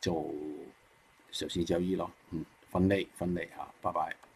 做首先交易咯，嗯，分類分類嚇，拜拜。